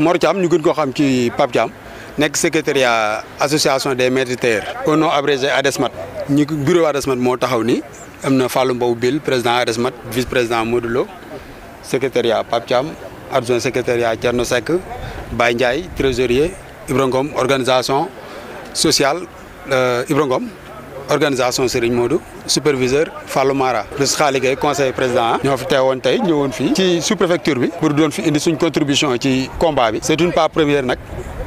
Mor Thiam ñu gën koo xam ci Pape nekk secrétariat association des maîtres tailleurs au nom abrégé ADESMAT ñu bureau ADESMAT moo taxaw ni am na Fallou Mbow Bill président ADESMAT vice président Modou Lo secrétariat Pape Thiam adjoint secrétariat Thierno Seck Baye Ndiaye trésorier Ibra organisation social euh, Ibra Ngom organisation Serigne Modou superviseur Fallou Mara plus Xaali conseil président ah. ñoo fi teewoon tey ñëwoon fii ci sous préfecture bi pour doon fi indi suñ contribution ci combat bi c'est une pas première nak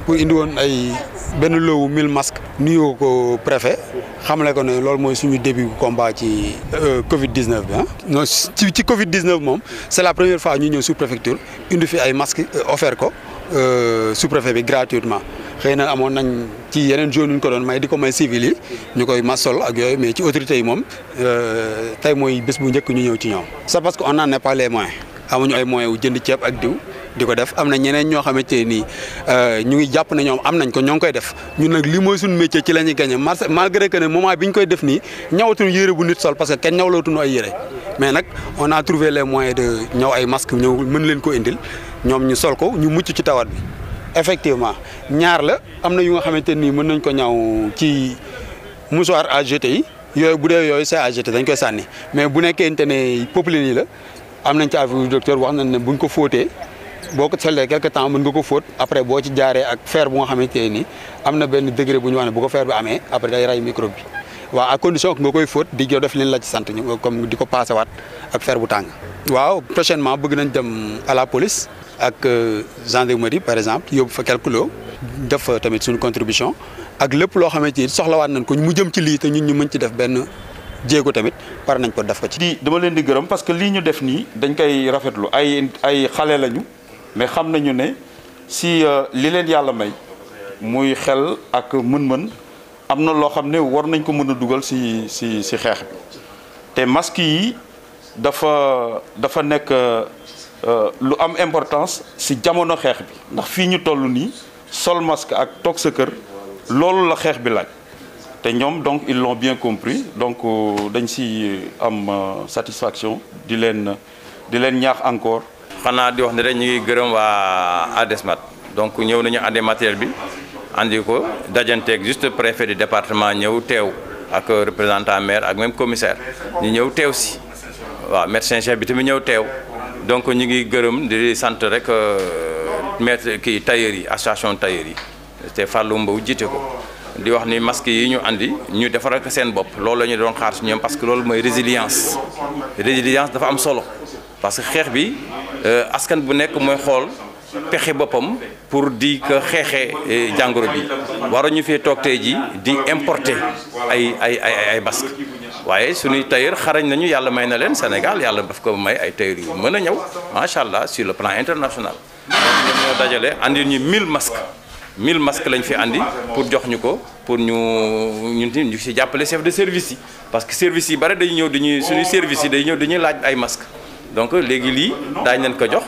pour indi won ay benn lowu mille masques nuyo ko préfet xamlé ko né lool moy suñu début combat ci euh, Covid 19 bi ah. non ci ci Covid 19 mom c'est la première fois ñu ñew sous préfecture indi fi ay masques euh, offert ko euh, sous préfet bi gratuitement. xëy na amoon nañ ci yeneen zone yu ñu ko doon may di ko may civil yi ñu koy masol ak yooyu mais ci autorités yi moom euh, tey mooy bés bu njëkk ñu ñëw ci ñoom. c'est parce que on a pas les moyens amuñu ay moyens ak diw. di ko def am na ñeneen ñoo xamante ne nii euh, ñu ngi jàpp ne am nañ ko ñoo ngi koy def ñun nag li mooy suñu métier ci la ñuy gagné marché malgré que ne moment bi ñu koy def nii ñawatuñu yére bu nit sol parce que kenn ñawlootuñu ay yére mais nag on a trouvé les moyens de ay masques ñëw mën leen ko indil ñoom ñu sol ko ñu mucc ci tawat bi. effectivement ñaar la am na yu nga xamante nii mën nañ ko ñaw ci mouchoir à jeter yi yooyu bu dee à jeter dañ koy sànni mais bu nekkente ne popeline yi la am ci avis docteur wax nañ ne buñ ko fóotee boo ko solee quelque temps mën nga ko fóot après boo ci jaaree ak fer bu nga xamante nii am na benn degré bu ñu bu ko fer bi amee après day rey microbe bi waaw à condition que nga koy fóot di ko leen la ci sant comme diko ko passé waat ak fer bu tàng waaw prochainement bëgg nañ dem à la police ak euh, gendarmerie par exemple yóbbu fa calculo def tamit suñu contribution ak lepp lo xamé ci soxla wat nañ ko mu jëm ci li te ñun ñu mën ci def ben jéego tamit par nañ ko def ko ci. di dama leen di gërëm parce que li ñu def ni dañ koy rafetlu ay ay xalé lañu mais xam nañu ne si euh, li leen yalla may muy xel ak mën-mën amna lo xamné war nañ ko mëna duggal dugal si si si xeex bi masque yi dafa dafa nek euh, lu am importance ci jamono xex bi ndax fi ñu tollu ni sol masque ak tok sa kër loolu la xex bi laaj te ñoom donc ils l'ont bien compris donc euh, dañ ci am euh, satisfaction di leen di leen ñaax encore. xanaa di wax ni rek ñu ngi gërëm waa ADESMAT donc ñëw nañu andi matériel bi andi ko dajanteeg juste préfet du département ñëw teew ak représentant maire ak même commissaire ñu ñëw teew si waaw médecin chef bi tamit ñëw teew donc ñu ngi gërëm di sant rek euh, maître kii tailleur yi association tailleur yi te Fallou Mbow jité ko di wax ni masque yi ñu andi ñu defar ak seen bopp loolu la ñu doon xaar si parce que loolu moy résilience résilience dafa am solo parce que xex bi euh, askan bu nek moy xol pexé bopam pour di ko xexé eh, jangoro bi waru ñu fi tok tay ji di importer ay ay ay ay masque waaye suñuy tailleur xarañ nañu yàlla may na leen Sénégal yàlla daf ko may ay tailleur yu mën a ñëw macha allah sur le plan international. ñoom ñoo dajale andi ñu 1000 masques 1000 masques lañ fi andi pour jox ñu ko pour ñu ñun tamit ñu si jàppale chef de service yi. parce que service yi bare dañuy ñëw dañuy suñuy service yi day ñëw dañuy laaj ay masques donc léegi lii daañ leen ko jox.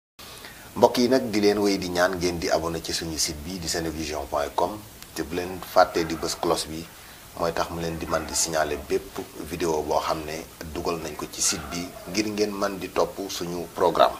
mbokk yi nag di leen wéy di ñaan ngeen di abonné ci suñu site bi di senevision point com te bu leen fàttee di bës cloche bi mooy tax mu leen di man di signaler bépp vidéo boo xam ne dugal nañ ko ci site bi ngir ngeen man di topp suñu programme